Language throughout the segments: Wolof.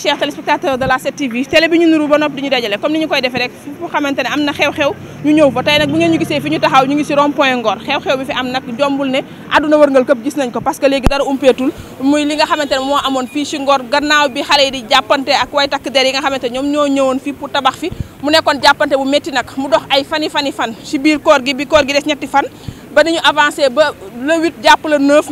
chers téléspectateurs de la 7TV télé bi ñu nuru ba noppi di ñu dajale comme ni ñu koy defee rek fu xamante am na xew-xew ñu ñëw fa tey nag bu ngeen ñu gisee fi ñu taxaw ñu ngi si rond point Ngor xew-xew bi fi am nag jombul ne àdduna wërngal këpp gis nañ ko parce que léegi dara umpeetul muy li nga xamante ne moo amoon fii si Ngor gannaaw bi xale yi di jàppante ak way takk der yi nga xamante ñoom ñoo ñëwoon fii pour tabax fi mu nekkoon jàppante bu métti nag mu dox ay fani fan si biir koor gi bi koor gi des ñetti fan ba ni ñu avancé ba le 8 jàpp le 9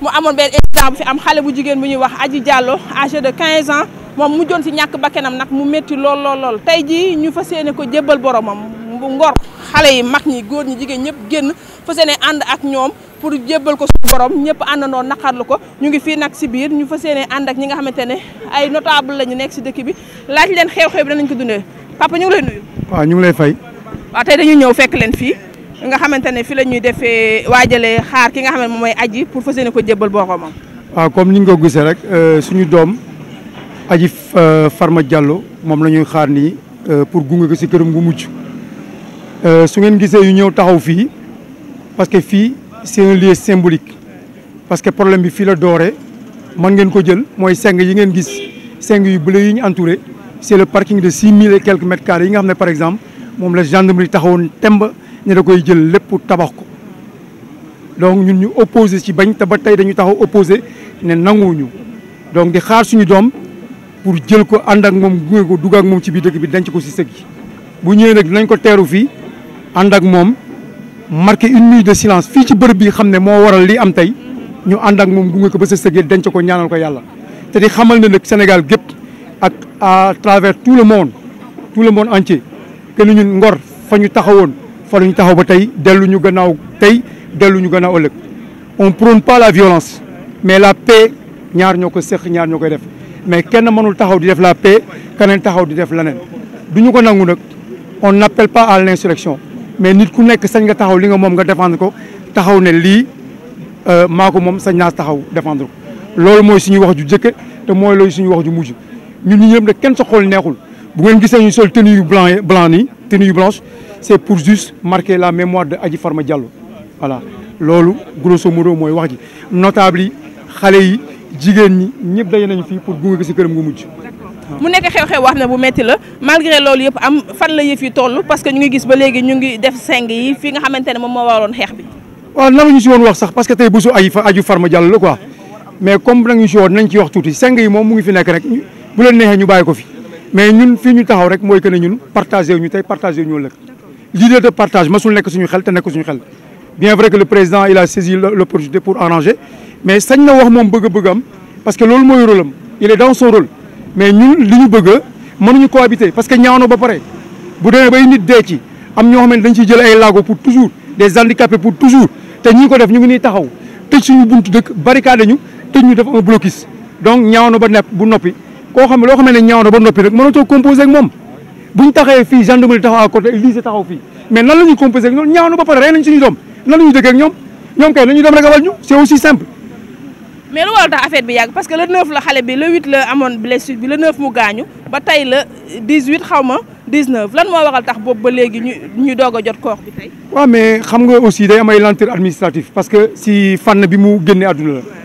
mu amoon benn incident bu fi am xale bu jigéen bu ñuy wax Adji Diallo âgé de quinze ans moom mu joon si ñàkk bakkanam nag mu métti lool lool lool. tey jii ñu fa yéene ko jébbal boromam bu ngor xale yi mag ñi góor ñi jigéen ñëpp génn fas yéene ànd ak ñoom. pour jébbal ko suñu borom ñëpp àndandoo naqarlu ko ñu ngi fii nag si biir ñu fa yéene ànd ak ñi nga xamante ne ay notable la ñu nekk si dëkk bi laaj leen xew-xew bi nañ ko dundee papa ñu ngi lay nuyu. waaw ñu lay fay. waaw tey ñëw fekk leen fii. nga xamante ne fi la ñuy defee waajalee xaar ki nga xam ne moom mooy aji pour fas yéene ko jébbal boromam. waaw comme ni nga ko gisee rek euh, suñu doom aji euh, Farma Diallo moom la ñuy xaar nii euh, pour gunge ko si këram gu mujj su ngeen gisee yu ñëw taxaw fii parce que fii c'est un lieu symbolique parce que problème bi fii la dooree mën ngeen ko jël mooy seng yi ngeen gis seng yu bleu yi ñu entouré c'est le parking de yi nga xam ne par exemple moom la gendarmerie taxawoon temb. ne koy jël lépp tabax ko donc ñun ñu opposé ci bañ te ba tey dañu taxaw opposé ne ñu donc di xaar suñu doom pour jël ko ànd ak moom gunge ko dugg ak moom ci biir dëkk bi denc ko si sëg bu ñëwee nag nañ ko teeru fii ànd ak moom marqué une nuit de silence fii ci bërëb bi xam ne moo waral li am tey ñu ànd ak moom gunge ko ba sa sëg yi denc ko ñaanal ko yàlla te di xamal ne nag Sénégal gépp ak à travers tout le monde tout le monde entier que ni Ngor fa ñu taxawoon fa la ñu taxaw ba tey delluñu gannaaw tey delluñu gannaaw ëllëg on prône pas la violence mais la paix ñaar ñoo ko seq ñaar ñoo koy def mais kenn mënul taxaw di def la paix keneen taxaw di def leneen du ko nangu nag on n'appelle pas à mais nit ku nekk sañ nga taxaw li nga moom nga défendre ko taxaw ne lii euh, maa ko moom sañ naa taxaw défendre ko loolu mooy suñuy wax ju jëkke te mooy loolu suñuy wax ju mujj ñun ñëpp nag kenn sa xool neexul bu ngeen gisee ñu sol tenue yu blanc blanc nii tenue blanche c'est pour juste marquer la mémoire de Adji Farma Diallo voilà loolu grosso mooy wax ji notable yi xale yi jigéen ñi ñëpp daje nañu fii pour gunge ko si këram gu mujj. mu nekk xew-xew wax na bu metti la malgré loolu yëpp am fan la yëf yi toll parce que ñu ngi gis ba léegi ñu ngi def seng yi fi nga xamante ne moom moo waroon xeex bi. waaw nan ñu si woon wax sax parce que tey bésu ay fa Adji Farma Diallo la quoi mais comme nag ñu si woon nañ wax tuuti seng yi moom mu ngi fi nekk rek bu mais ñun fii ñu taxaw rek mooy que ne ñun partagé wu ñu tey partagé wu ñu ëllëg l'idée de partage masul nekk suñu xel te nekk suñu xel bien vrai que le président il a saisi l'opportunité pour arranger mais sañ na wax moom bëgg-bëgg am parce que loolu mooy rôle am il est dans son rôle mais ñun li ñu bëgg mënuñu cohabiter parce que ñaaw na ba pare bu demee bay nit dee ci am ñoo xam ne dañ ciy jël ay laago pour toujours des handicapés pour toujours te ñu ko def ñu ngi nii taxaw tëj suñu buntu dëkk barricade ñu tëj ñu def un blocus donc ñaaw na ba nepp bu noppi koo xam ne loo xam ne ñaaw ba noppi rek mënatoo composé ak moom buñ taxee fii gendarmerie taxaw à côté lycée mais nan la ñuy composé ak ñoom ba pare rey nañ suñu doom nan la ñuy ñoom ñoom kay nañu dem rek abal ñu c'est aussi simple mais lu waral tax affaire bi yàgg parce que le 9 la xale bi le 8 la amoon blessure bi le 9 mu gaañu ba tey la 18 xaw ma 19 lan moo waral tax boobu ba léegi ñu ñu doog a jot koox bi tey. waaw mais xam nga aussi day am ay lenteur parce que si fànn bi mu génne àdduna la.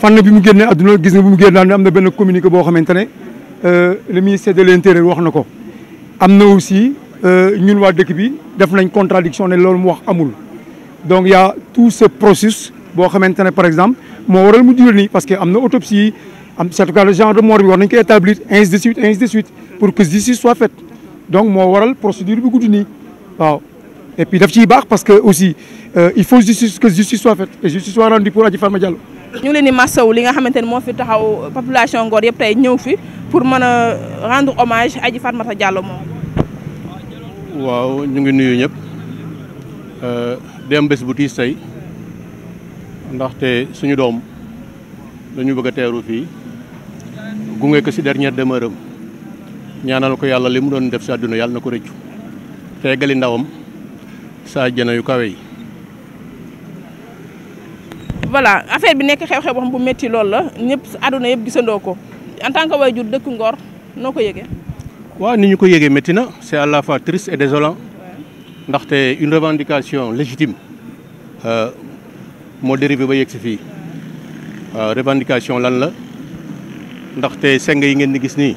fànn bi mu génnee àdduna gis nga bi mu génn daal am na benn communiqué boo xamante ne euh, le ministère de l'intérieur wax na ko am na aussi euh, ñun waa dëkk bi def nañ contradiction ne loolu mu wax amul donc y tout ce processus boo xamante ne par exemple moo waral mu jure nii parce que am na autopsie am certificat de genre de mort bi war nañ ko établir ainsi de suite ainsi de suite pour que justice soit faite donc moo waral procédure bi guddi nii waaw et puis daf baax parce que aussi euh, il faut justice que justice soit faite et justice soit rendue pour Adji ñu ngi leen di masawu li nga xamante ne moo fi taxaw population Ngor yëpp tey ñëw fi pour mën a rendre hommage Adji Fatmata Diallo moom. waaw ñu ngi nuyu ñëpp euh, dem bés bu tiis tey ndaxte suñu doom dañu bëgg a teeru fii gunge ko si dernière demeure am ñaanal ko yàlla li mu doon def si àdduna yàlla na ko rëccu te eggali ndawam sa àjjana yu kawe yi. voilà affaire bi nekk xew-xew boo bu métti loolu la ñëpp àdduna yëpp gisandoo ko en tant que waajur dëkk Ngor noo ko yëgee. waaw ni ñu ko yégee métti na c'est à la fois triste et désolant ndaxte ouais. une revendication légitime euh, moo dérivé ba yegg si fii euh, revendication lan la ndaxte seng yi ngeen di gis nii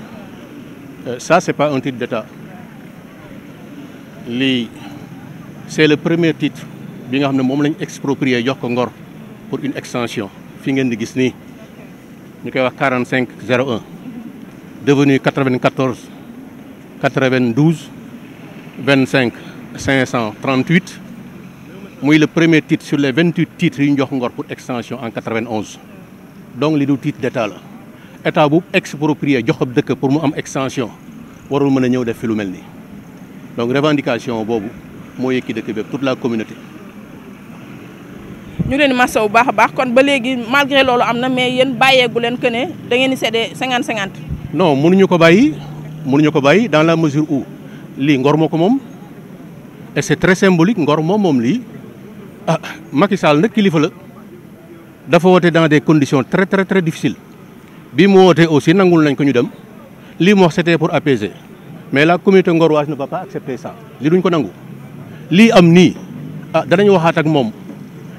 euh, ça c'est pas un titre d'état lii c'est le premier titre bi nga xam ne moom lañ exproprié jox ko Ngor. pour une extension fi ngeen di gis nii ñu koy wax 45 01 devenu 94 92 25 538 muy le premier titre sur les 28 titres yu ñu jox Ngor pour extension en 91 donc li du titre d'état la état bu exproprié jox ab dëkk pour mu am extension warul mën a ñëw def fi lu mel nii donc revendication boobu moo yëkki dëkk bépp toute la communauté ñu leen massa bu baax a baax kon ba léegi malgré loolu am na mais yéen bàyyeegu leen que ne da ngeen di seddee cinquante cinquante. non mënuñu ko bàyyi mënuñu ko bàyyi dans la mesure où lii ngor moo ko moom et c'est très symbolique ngor moom moom lii ah Macky Sall nag kilifa la dafa woote dans des conditions très très très difficiles bi mu wootee aussi nangul nañ ko ñu dem lii mu wax c'était pour apaiser mais la communauté ngoroise ne va pas accepter ça lii duñ ko nangu lii am nii ah danañ waxaat ak moom.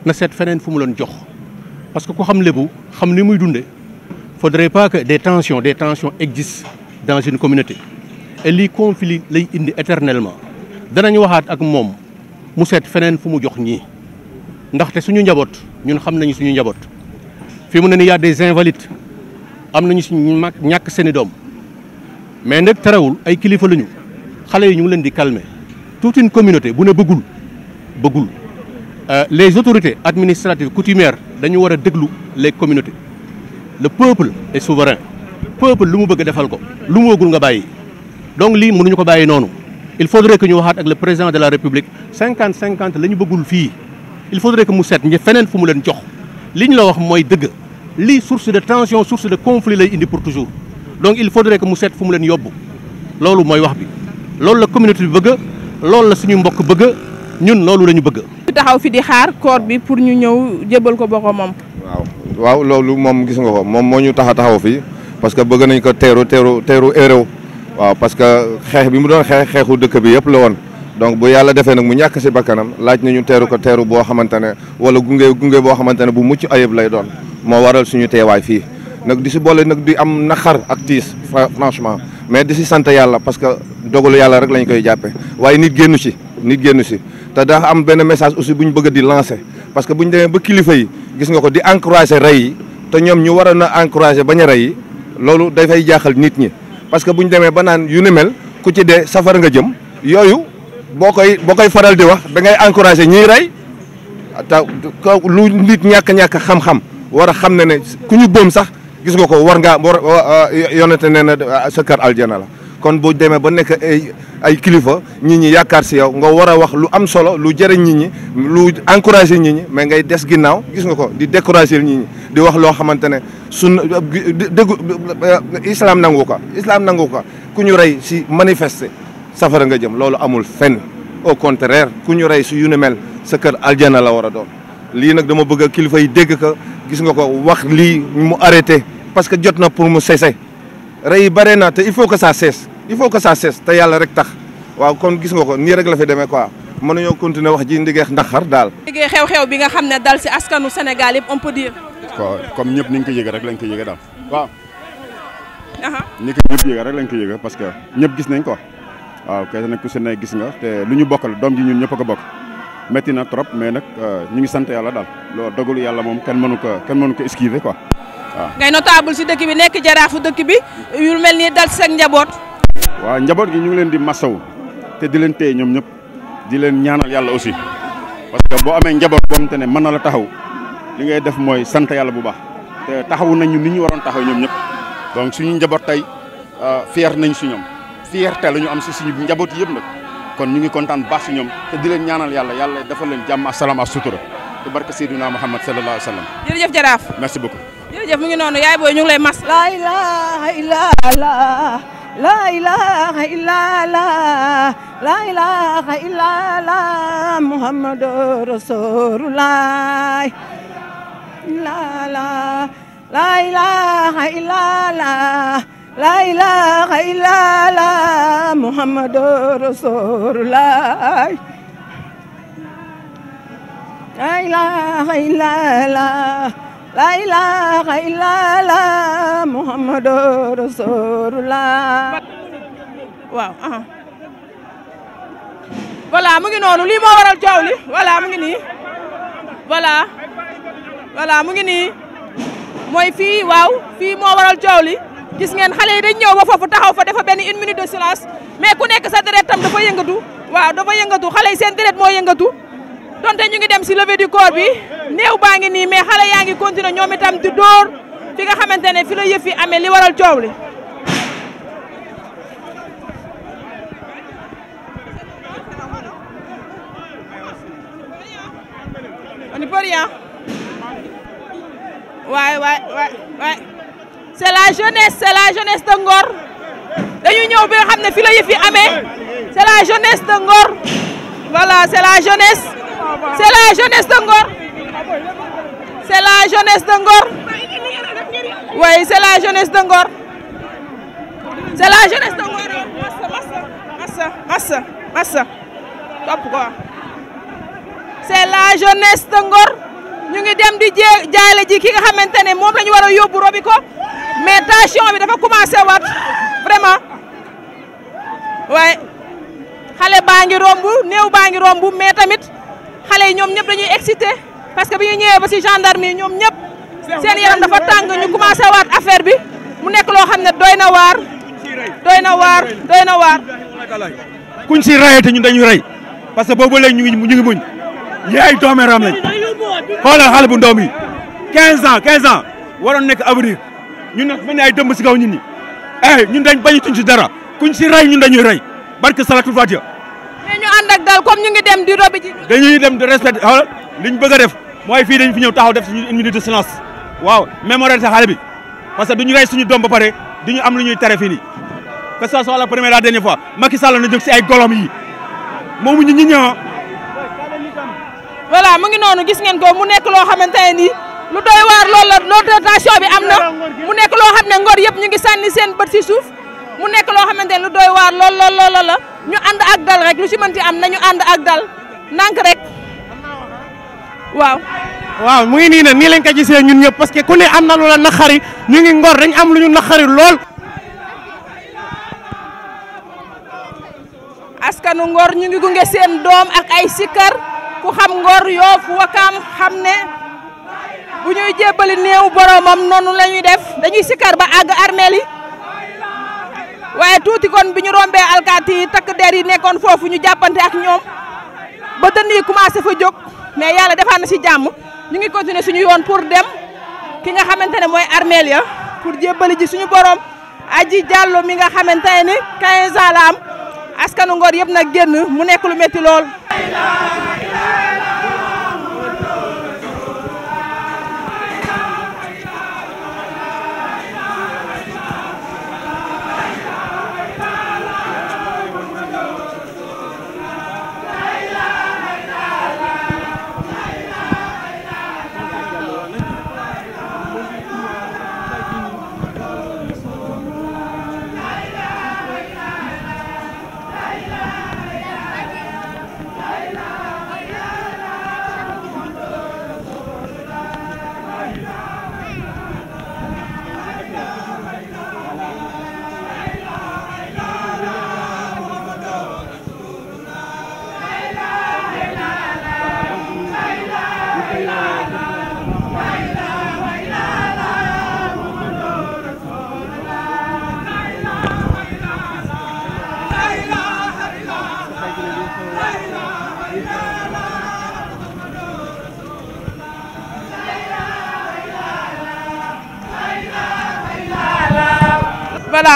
na seet feneen fu mu leen jox parce que ku xam lébu xam ni muy dunde faudrait pas que des tensions des tensions existent dans une communauté et lii conflit lay indi éternellement danañu waxaat ak moom mu seet feneen fu mu jox ñii ndaxte suñu njaboot ñun xam nañu suñu njaboot fi mu ne nii y a des invalides am nañu suñu mag ñàkk seeni doom mais nag terewul ay kilifa lañu xale yi ñu ngi leen di calmer toute une communauté bu ne bëggul bëggul Euh, les autorités administratives coutumières dañu war a déglu les communautés le peuple est souverain peuple lu mu bëgg defal ko lu mu wóogul nga bàyyi donc lii mënuñu ko bàyyi noonu il faudrait que ñu waxaat ak le président de la république cinquante cinquante la ñu bëggul fii il faudrait que mu seet ñi feneen fu mu leen jox li ñu la wax mooy dëgg lii source de tension source de conflit lay indi pour toujours donc il faudrait que mu set fu mu leen yóbbu loolu mooy wax bi loolu la communauté bi bëgg loolu la suñu mbokk bëgg ñun loolu la ñu bëgg ñëpp taxaw fi di xaar corps bi pour ñu ñëw jébal ko boromam. waaw waaw loolu moom gis nga ko moom moo ñu tax a taxaw fii parce que bëgg nañ ko teeru teeru teeru héros waaw parce que xeex bi mu doon xeex xeexu dëkk bi yëpp la woon donc bu yàlla defee nag mu ñàkk si bakkanam laaj nañu teeru ko teeru boo xamante ne wala gunge gunge boo xamante ne bu mucc ayib lay doon moo waral suñu teewaay fii nag di si boole nag di am naqar ak tiis franchement mais di si sant yàlla parce que dogalu yàlla rek lañ koy jàppee waaye nit génnu si nit génnu si te daa am benn message aussi bu ñu bëgg di lancer parce que bu ñu demee ba kilifa yi gis nga ko di encourager rey yi te ñoom ñu waroon a encourager bañ a rey yi loolu dafay jaaxal nit ñi parce que bu ñu demee ba naan yu ni mel ku ci dee safara nga jëm yooyu boo koy boo koy faral di wax da ngay encourager ñiy rey te lu nit ñàkk-ñàkk xam-xam war a xam ne ne ku ñu boom sax gis nga ko war ngaa war yonente nee na ah, sa kër aljana la kon boo demee ba nekk ay kilifa nit ñi yaakaar si yow nga war a wax lu am solo lu jëriñ nit ñi lu encouragé ñi ñi mais ngay des ginnaaw gis nga ko di découragé nit ñi di wax loo xamante ne sun déggu euh, islam nangu ko islam nangu ko ku ñu rey si manifester safara nga jëm loolu amul fen au contraire ku ñu rey si yu mel sa kër aljana la war a doon lii nag dama bëgg kilifa yi dégg ka gis nga ko wax lii mu arrêté parce que jot na pour mu cesser rey yi bare na te il faut que ça cesse il faut que ça cesse te yàlla rek tax waaw kon gis nga ko nii rek la fi demee quoi mënuñoo continuer wax ji ndigeex ndaxar daal. liggéey xew-xew bi nga xam ne dal si askanu Sénégal yëpp on peut dire. comme ñëpp ni nga ko yëgee rek lañ ko yëgee daal waaw. ni ko ñëpp rek lañ ko yëgee parce que ñëpp gis nañ ko waaw kay nag ku si ne gis nga te lu ñu bokkal doom ji ñun ñëpp ko bokk. métti na trop mais nag euh, ñu ngi sant yàlla daal loolu dogalu yàlla moom kenn mënu ko kenn mënu ko esquiver quoi. ngay notable si dëkk bi nekk jaraafu dëkk bi yu mel nii dal si ak njaboot. waaw njaboot gi ñu ngi leen di masaw te di leen téye ñoom ñëpp di leen ñaanal yàlla aussi parce que boo amee njaboot boo xamante ne mën na la taxaw li ngay def mooy sant yàlla bu baax te taxawu nañu ni ñu waroon taxaw ñoom ñëpp donc suñu njaboot tey euh, fier nañ si ñoom fierté la ñu am si suñu njaboot yëpp nag kon ñu ngi kontaan baax si ñoom te di leen ñaanal yàlla yàlla defal leen jàmm ak salaam ak sutura te barke Seydina Muhammad sallallahu alayhi wa sallam. jërëjëf jërëjëf mu ngi noonu yaay booy ñu ngi lay mas. laa ilaaha illallaah laa ilaaha illallaah laa ilaaha laa ilaaha illallaah laa laa ilaaha la ilaha illallah muhammadu rasulullah waaw aha voilà mu ngi noonu lii moo waral coow li voilà mu ngi nii voilà voilà mu ngi nii mooy fii waaw fii moo waral coow li gis ngeen xale yi dañ ñëw ba foofu taxaw fa dafa benn une minute de silence mais ku nekk sa deret tam dafa yëngatu waaw dafa yëngatu xale yi seen deret moo yëngatu donte ñu ngi dem si levée di corps bi néew baa ngi nii mais xale yaa ngi continuer ñoom itam di dóor fi nga xamante ne fi la yëf yi amee li waral coow li. on n'y peut rien waay waay c'est la jeunesse c'est la jeunesse de dañu ñëw bi xam ne fi la yëf yi amee c'est la jeunesse de Ngor c'est la jeunesse. c'est la jeunesse de Ngor c'est la jeunesse de c'est la jeunesse de Ngor c'est la jeunesse de Ngor ñu ngi dem di jaale ji ki nga xamante ne moom la ñu war a yóbbu robi ko mais tension bi dafa commencé waat vraiment waaye xale baa ngi romb néew baa ngi romb mais tamit xale yi ñoom ñëpp dañuy excité parce que bi ñu ñëwee ba si gendarmerie ñoom ñëpp seen yaram dafa tàng ñu commencé waat affaire bi mu nekk loo xam ne doy na waar doy na waar doy na waar kuñ si rayee ñu ñun ñu rey parce que boobu léegi ñu ngi ñu ngi muñ yaay doomeeraam lañ xoolal xale bu ndaw mi 15 ans 15 ans waroon nekk avenir ñu nag mën ne ay dëmb si kaw ñun ñi eh ñun dañ bañu tuñ si dara kuñ si rey ñun dañuy rey barke salatul fatiha ànd ak dal comme ñu ngi dem di robi ji. dañuy dem di respect xoolal li ñu bëgg def mooy fii dañu fi ñëw taxaw def suñu une minute de silence waaw mémorial sa xale bi parce que du ñu rey suñu doom ba pare duñu am lu ñuy tere fii nii que ça soit la première la dernière fois Macky Sall na jóg si ay golom yi moomu ñu ñi ñëw. Ah. voilà mu ngi noonu gis ngeen ko mu nekk loo xamante ne nii lu doy waar loolu la notation bi am mu nekk loo xam ne ngor yëpp ñu ngi sànni seen bët si suuf mu loo xamante ne lu doy waar lool lool lool la. ñu ànd ak dal rek lu ci mënti am nañu ànd ak dal nank rek waaw. waaw mu ngi nii nag nii lañ ko gisee ñun ñëpp parce que ku ne am na lu la naqari ñu ngi ngor dañ am lu ñu naqari lool. askanu ngor ñu ngi gunge seen doom ak ay sikkar ku xam ngor yoof wakaam xam ne bu ñuy jébbali néew boromam noonu la ñuy def dañuy sikkar ba àgg armeel waaye tuuti kon bi ñu rombee alkaati yi takk der yi nekkoon foofu ñu jàppante ak ñoom ba dënn yi commencé fa jóg mais yàlla defaa na si jàmm ñu ngi continuer suñu yoon pour dem ki nga xamante ne mooy armeel ya pour jébbali ji suñu borom aji jàllo mi nga xamante ne 15 ans la am askanu Ngor yëpp nag génn mu nekk lu métti lool.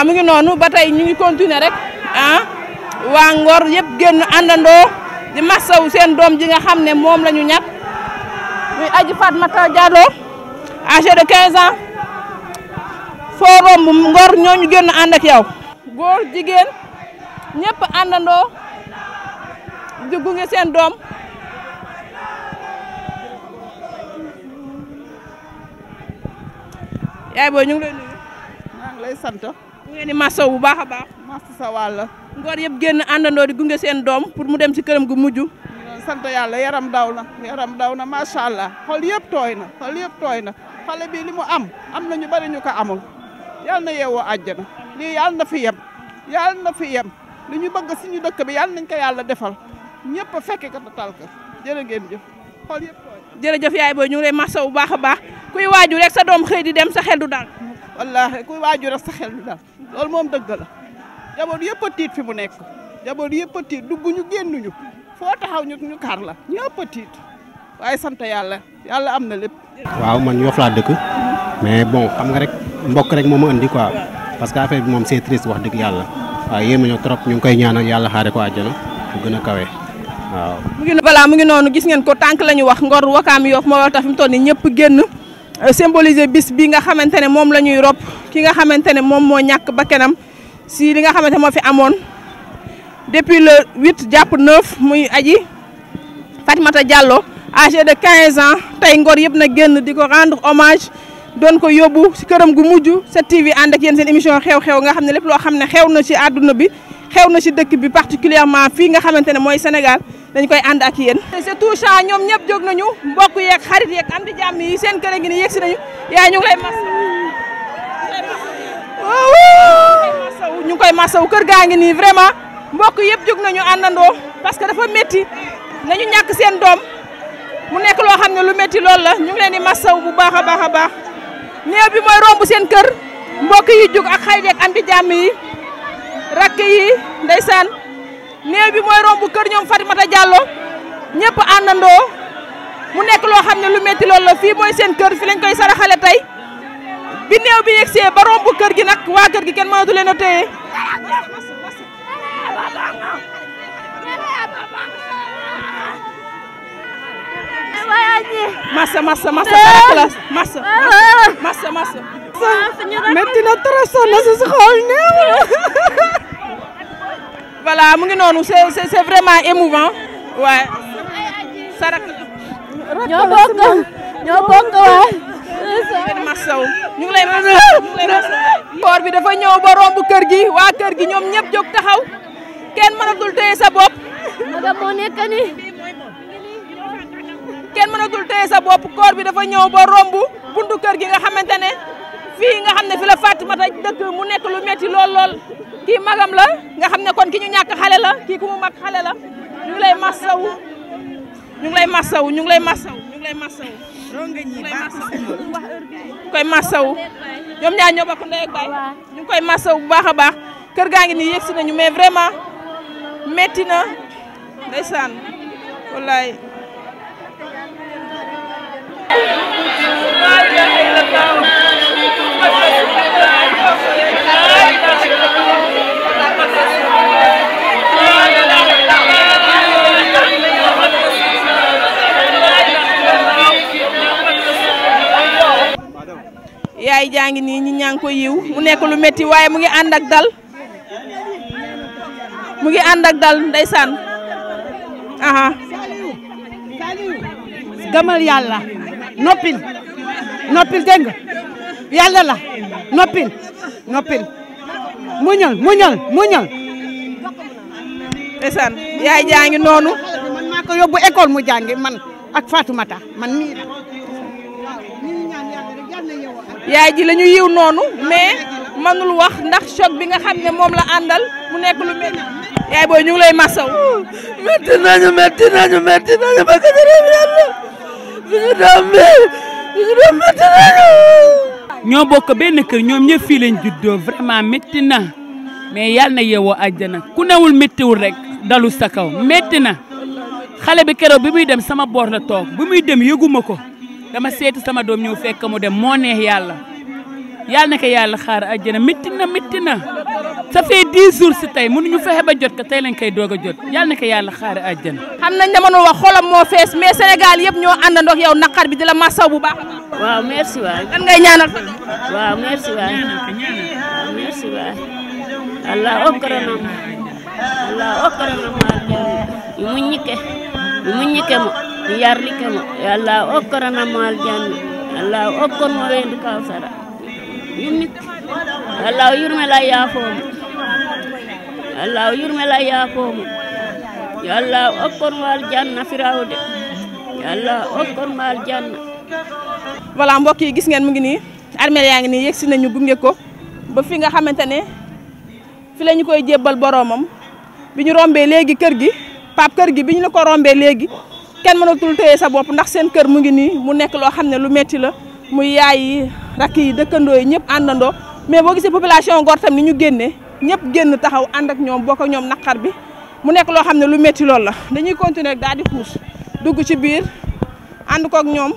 waaw mu ngi noonu ba tey ñu ngi continuer rek ah waa Ngor yëpp génn àndandoo di massawu seen doom ji nga xam ne moom la ñu ñàkk muy Aji Fatmata Diallo âgée de 15 ans foo romb Ngor ñoo ñu génn ànd ak yow. góor jigéen ñëpp àndandoo di gunge seen doom. yaay booy ñu ngi lay nuyu. lay sant. ngeen di masaw bu baax a baax. masa sa wàll. ngor yëpp génn àndandoo di gunge seen doom pour mu dem si këram gu mujj. sant yàlla yaram daw na yaram daw na macha allah xol yëpp tooy na xol yëpp tooy na xale bi li mu am am na ñu bari ñu ko amul yàlla na yeewoo àjjana lii yàlla na fi yem yàlla na fi yem li ñu bëgg suñu dëkk bi yàlla nañ ko yàlla defal ñëpp a ko tal ko jërë génn jëf xol yëpp tooy jërëjëf yaay booy ñu ngi lay masaw bu baax a baax kuy waaju rek sa doom xëy di dem sa xel du dal wallaahi kuy waaju rek sa xel du loolu moom dëgg la jaboot yëpp a tiit fi mu nekk jaboot yëpp a tiit dugg ñu génnuñu foo taxaw ñu ñu kar la ñëpp a tiit waaye sant yàlla yàlla am na lépp. waaw man Yoff laa dëkk mais bon xam nga rek mbokk rek moo ma indi quoi parce que affaire bi moom c'est triste wax dëgg yàlla waaw yéeme ñoo trop ñu ngi koy ñaanal yàlla xaare ko àjjana bu gën a kawe waaw. mu ngi noonu gis ngeen ko tànk la ñu wax Ngor Wakaam Yoff moo tax fi mu toll nii ñëpp génn. Euh, symboliser biss bi nga xamante ne moom la ñuy rob ki nga xamante ne moom moo ñàkk kenam si li nga xamante moo fi amoon depuis le 8 jàpp 9 muy aji Fatimata Diallo age de 15 ans tey Ngor yëpp na génn di ko rendre hommage don ko yóbbu si këram gu mujj 7TV ànd ak yéen seen émission xew-xew nga xam ne lépp loo xam ne xew na ci àdduna bi xew na si dëkk bi particulièrement fii nga xamante ne mooy Sénégal dañ koy ànd ak yéen c'est touchant ñoom ñëpp jóg nañu mbokk yeeg xarit yeeg am di jàmm yi seen kër a ngi ni yegsi nañu yaay ñu ngi lay mas masaw ñu ngi koy masaw kër gaa ngi nii vraiment mbokk yëpp jóg nañu àndandoo parce que dafa métti nañu ñàkk seen doom mu nekk loo xam ne lu metti loolu la ñu ngi leen di bu baax a baax a baax néew bi mooy romb seen kër mbokk yi jóg ak rakk yi ndeysaan néew bi mooy romb kër ñoom Fatimata Diallo ñëpp àndandoo mu nekk loo xam ne lu metti loolu la fii mooy seen kër fi lañ koy saraxale tey bi néew bi yegsee ba romb kër gi nag waa kër gi kenn mënatu leen a téye massa massa massa massa massa massa massa metti na trop soxna si su xool néew. voilà mu ngi noonu c'est c'est c'est vraiment émouvant waaye. sa rakk la. ñoo bokk ngi lay masawu ngi lay koor bi dafa ñëw ba romb kër gi waa kër gi ñoom ñëpp jóg taxaw kenn mënatul téye sa téye sa bopp koor bi dafa ñëw ba romb buntu kër gi nga xamante fii nga xam ne fi la Fatimata dëkk mu nekk lu metti lool lool kii magam la nga xam ne kon ki ñu ñàkk xale la kii ku mu mag xale la ñu ngi lay masawu ñu ngi lay masawu ñu ngi lay masawu ñu ngi lay masawu. koy masawu ñoom ñaar ñoo bokk ndey ak ñu ngi koy masawu bu baax a baax kër gaa ngi nii yegsi nañu mais vraiment metti na ndeysaan wallaay yaay jaa ngi nii ñi ñaa ngi yiw mu nekk lu métti waaye mu ngi ànd ak dal mu ngi ànd ak dal ndeysaan aha gëmal yàlla noppil noppil dégg nga yàlla la noppil noppil muñal muñal muñal ndeysaan yaay jaa noonu man maa mu jàngi man ak man yaay ji la yiw noonu mais mënul wax ndax choc bi nga xam ne moom la àndal mu nekk lu mel yaay booy ñu lay masaw metti nañu metti nañu metti ba ka jërëm yàlla suñu metti nañu ñoo bokk benn kër ñoom ñëpp fii lañ juddoo vraiment métti na mais yàlla na yeewoo àjjana ku newul méttiwul rek dalu sa kaw métti na xale bi keroog bi muy dem sama boor la toog bi muy dem yëguma ko dama seeti sama doom ñëw fekk mu dem moo neex yàlla yàlla na ko yàlla xaar àjjana métti na métti na ça fait dix jours si tey mënuñu fexe ba jot ko tey lañ koy doog jot yàlla na ko yàlla xaar àjjana xam nañ dama wax xolam moo fees mais Sénégal yëpp ñoo àndandoo ak yow naqar bi di la masaw bu baax waaw merci waay kan ngay ñaanal fa waaw merci waay merci waay allah okkaranam allah okkaranam mu ñikke mu ñikke mo yarlikemo yo allah hokkoranamo aljanna allah hokkonmo weyndu kawsara yumnik allah o yurmela yaafomo allah o yurmela yaafomo yo allah hokkonmo aljanna firawde yo allah hokkonmo aljanna voilà mbokk yi gis ngeen mu ngi nii armeel yaa ngi nii yegsi nañu gunge ko ba fi nga xamante ne fi la ñu koy jébbal boroomam bi ñu rombee léegi kër gi pap kër gi bi ñu la ko rombee léegi kenn mën mënatul téye sa bopp ndax seen kër mu ngi nii mu nekk loo xam ne lu metti la muy yaay yi rakk yi dëkkandoo yi ñëpp àndandoo mais boo gisee population Ngor tam ni ñu génnee ñëpp génn taxaw ànd ak ñoom bokk ak ñoom naqar bi mu nekk loo xam ne lu metti lool la dañuy continuer daal di xuus dugg ci biir ànd kook ñoom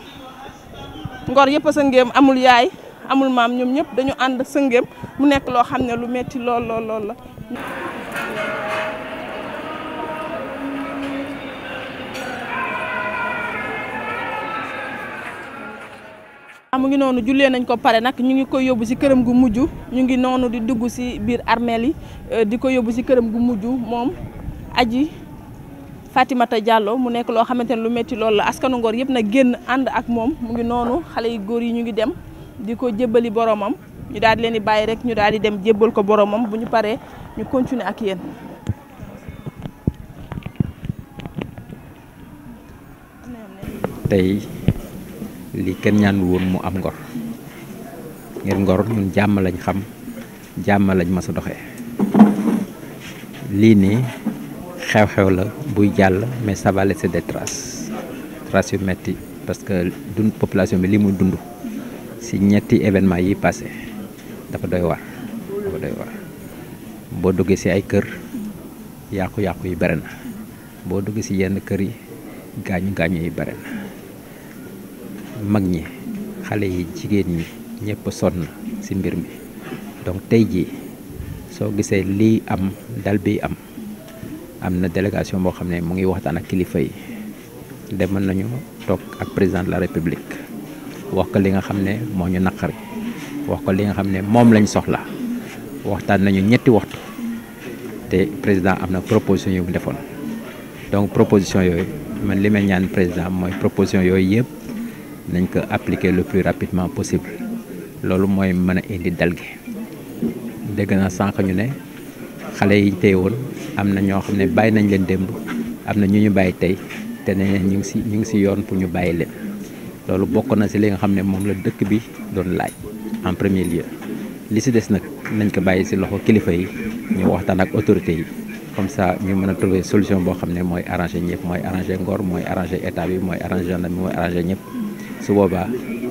Ngor yëpp a amul yaay amul maam ñoom ñëpp dañu ànd sëngeem mu nekk loo xam ne lu metti lool lool lool la Ah, mu ngi noonu jullee nañ ko pare nag ñu ngi koy yóbbu ci këram gu mujj ñu ngi noonu di dugg ci biir armeel yi euh, di ko yóbbu ci këram gu mujj moom aji Fatimata Diallo mu nekk loo xamante ne lu métti loolu la askanu Ngor yëpp nag génn ànd ak moom mu ngi noonu xale yu góor yi ñu ngi dem di ko jébbali boroomam ñu daal di leen di bàyyi rek ñu daal di dem jébbal ko boromam bu ñu paree ñu continuer ak yéen. lii kenn ñaan woon mu am ngor ngir ngor ñun jàmm lañ xam jàmm lañ mas a doxee lii nii xew-xew la buy jàll mais ça va laisser des traces traces yu metti parce que dund population bi li muy dund si ñetti événement yi passé dafa doy war dafa doy boo duggee si ay kër yàqu-yàqu yi bare na boo duggee ci yenn kër yi gaañu gaañu yi bare na mag ñi xale yi jigéen ñi ñëpp sonn ci mbir mi donc tey jii soo gisee lii am dal bi am am na délégation boo xam ne mu ngi waxtaan ak kilifa yi demoon nañu toog ak président de la république wax ko li nga xam ne moo naqari wax ko li nga xam ne moom lañ soxla waxtaan nañu ñetti waxtu te président am na proposition yu mu defoon donc proposition yooyu man li ma ñaan président mooy proposition yooyu yëpp nañ ko appliquer le plus rapidement possible loolu mooy mën a indi dal gi dégg naa sànq ñu ne xale yi tey woon am na ñoo xam ne bàyyi nañ leen démb am na ñu ñu bàyyi tey te ne ñu ngi si ñu ngi si yoon pour ñu bàyyi leen loolu bokk na si li nga xam ne moom la dëkk bi doon laaj en premier lieu li si des nag nañ ko bàyyi si loxo kilifa yi ñu waxtaan ak autorité yi comme ça ñu mën a trouver solution boo xam ne mooy arrangé ñëpp mooy arrangé Ngor mooy arrangé état bi mooy arrangé gendarme bi mooy arrangé ñëpp su boobaa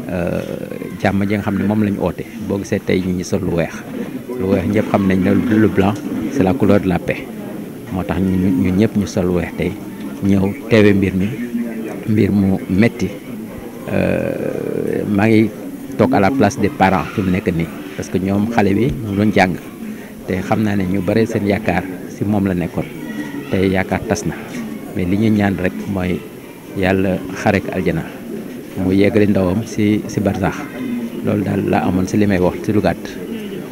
euh, jàmm ji xam ne moom lañu ñu oote boo gisee tey ñu ngi sol lu weex lu weex ñëpp xam nañ ne le blanc c'est la couleur de la moo tax ñu ñëpp ñu sol lu weex tey ñëw teewe mbir mi mbir mu metti euh, maa ngi toog à la place de parents fi mu nekk nii parce que ñoom xale bi mu doon jàng te xam naa ne ñu bare seen yaakaar ci moom la nekkoon tey yaakaar tas na mais li ñu ñaan rek mooy yàlla xarek aljana mu yeggali ndawam si si barsax loolu daal laa amoon si li may wax si lu gàtt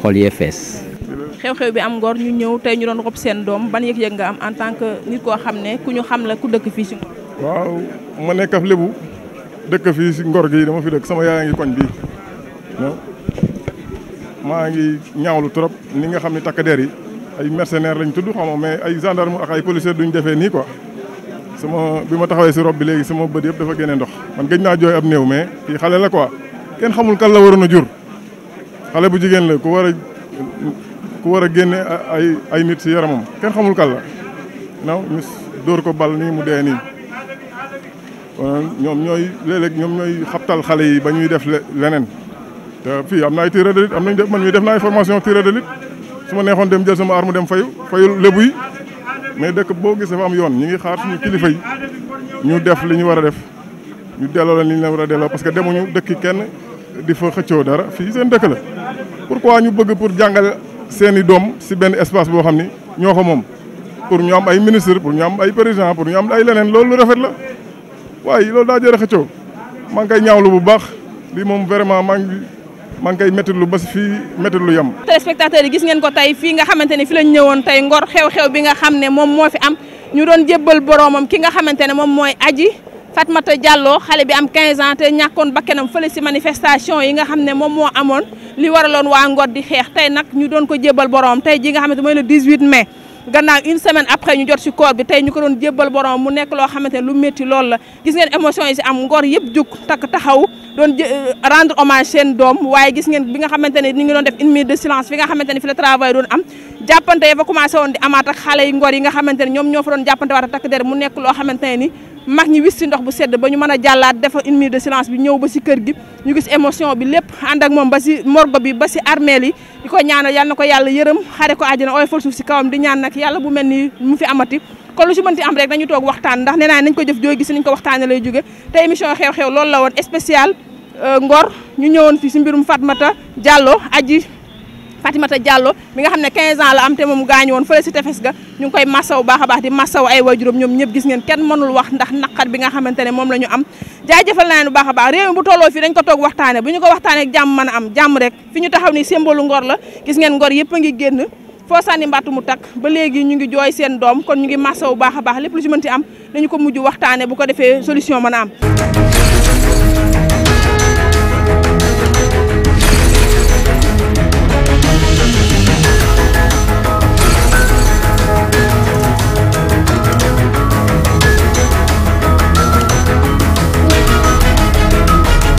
xol yee fees. xew-xew bi am Ngor ñu ñëw tey ñu doon rob seen doom ban yëg-yëg nga am en tant que nit koo xam ne ku ñu xam la ku dëkk fii si Ngor. ma nekk af Ngor gi dama fi dëkk sama yaay ngi koñ bii maa ngi ñaawlu trop ni nga xam ni takk der yi ay mercenaires lañ tudd xam mais ay gendarme ak ay policiers duñ defee nii quoi. sama bi ma taxawee si rob bi léegi sama bët yëpp dafa génne ndox man gëj naa jooy ab néew mais kii xale la quoi kenn xamul kan la waroon a jur xale bu jigéen la ku war a ku war a génne ay ay nit si yaramam kenn xamul kan la naw ñu dóor ko bal nii mu dee nii ñoom ñooy léeg-léeg ñoom ñooy xabtal xale yi ba ñuy def leneen te fii am na ay tireur de lutte am def man mii def naa ay formation tireur su ma neexoon dem jël sama arme dem fayu fayu mais dëkk boo gis dafa am yoon ñu ngi xaar suñu kilifa yi ñu def li ñu war a def ñu delloo leen li ñu la war a delloo parce que demuñu dëkk kenn di fa xëccoo dara fii seen dëkk la. pourquoi ñu bëgg pour jàngale seeni doom si benn espace boo xam ni ñoo ko moom pour ñu am ay ministre pour ñu am ay président pour ñu am ay leneen loolu lu rafet la waaye loolu daa jëra xëccoo maa ngi koy ñaawlu bu baax lii moom vraiment maa ngi. maa ngi koy ba si fii métitlu yem téléspectateurs yi gis ngeen ko tey fi nga xamante ne fi lañ ñëwoon tey ngor xew-xew bi nga xam ne moom moo fi am ñu doon jébbal boroomam ki nga xamante ne moom mooy aji Fatmata Diallo xale bi am 15 ans te ñàkkoon bakkanam fële si manifestation yi nga xam ne moom moo amoon li waraloon waa Ngor di xeex tey nag ñu doon ko jébbal boroom tey ji nga xamante mooy le 18 mais gannaaw une semaine après ñu jot ci corps bi tey ñu ko doon jébbal borom mu nekk loo xamante ne lu métti lool la gis ngeen émotion yi ci am ngor yëpp jug takk taxaw doon euh, rendre hommage seen doom waaye gis ngeen bi nga xamante ne ni ngi doon def une minute de silence fi nga xamante ne fi la travail doon am jàppante ya fa woon di amaat ak xale yi ngor yi nga xamante ne ñoom ñoo fa doon jàppante waat ak takk der mu nekk loo xamante ni mag ñi wis si ndox bu sedd ba ñu mën a jàllaat defa une minute de silence bi ñëw ba si kër gi ñu gis émotion bi lépp ànd ak moom ba si morgue bi ba si armeel yi di ko ñaanal yal na ko yàlla yërëm xare ko àjjana ooy fal suuf si kawam di ñaan nag yàlla bu mel ni mu fi amati kon lu si mënti am rek nañu toog waxtaan ndax nee naa nañ ko jëf jooy gis nañ ko waxtaane lay jóge te émission la woon spécial euh, ngor ñu ñëwoon fi si mbirum Fatmata Diallo aji Fatimata Diallo mi nga xam ne 15 ans la am te moom gaañu woon fële si tefes ga ñu ngi koy massaw baax a baax di massaw ay waajuram ñoom ñëpp gis ngeen kenn mënul ne moom la ñu am naa leen bu a baax réew mi bu tolloo fii dañ ko toog waxtaane bu ñu ko waxtaane jàmm mën a am jàmm rek fi ñu taxaw ni symbole ngor la gis ngeen ngor yëpp a ngi génn foo sànni mbàttu mu takk ba léegi ñu ngi jooy seen doom kon ñu ngi massaw baax a baax lépp lu ci mënti am dañu ko mujj waxtaane bu ko defee solution ma a am